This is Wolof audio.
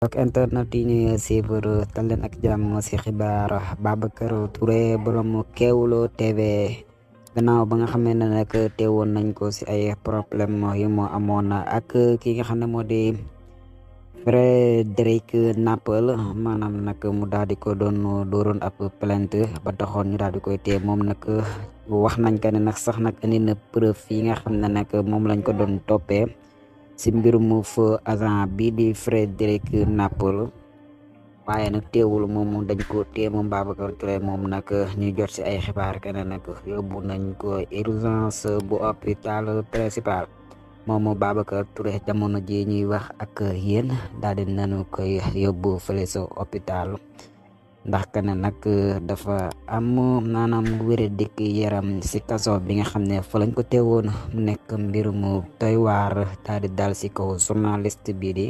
mbokk internet yi ñuy suivre tal leen ak jàmm ci xibaar Babacar Touré borom Kéwoulo TV gannaaw ba nga xamee ne nag teewoon nañ ko si ay problème yu moo amoon ak ki nga xam ne moo di Frédéric Napel maanaam nag mu daal di ko doon dooroon ab plainte ba taxoon ñu daal di koy téye moom nag wax nañ ko ne nag sax nag indi na preuve yi nga xam ne nag moom lañ ko doon toppee. si mbirum feu agent bi di Frédéric Napoli waaye nag teewul moom dañ ko téye moom Babacar Touré moom nag ñu jot si ay xibaar kenn nag yóbbu nañ ko urgence bu hôpital principal moom Babacar Touré jamono ji ñuy wax ak yéen daal di nañu koy yóbbu fële sa hôpital ndax kane nag euh, dafa am maanaam wére dikk yaram si kaso bi nga xam ne fa lañ ko teewoon mu nekk mbir mu doy dal daal di daal si kaw journaliste bi di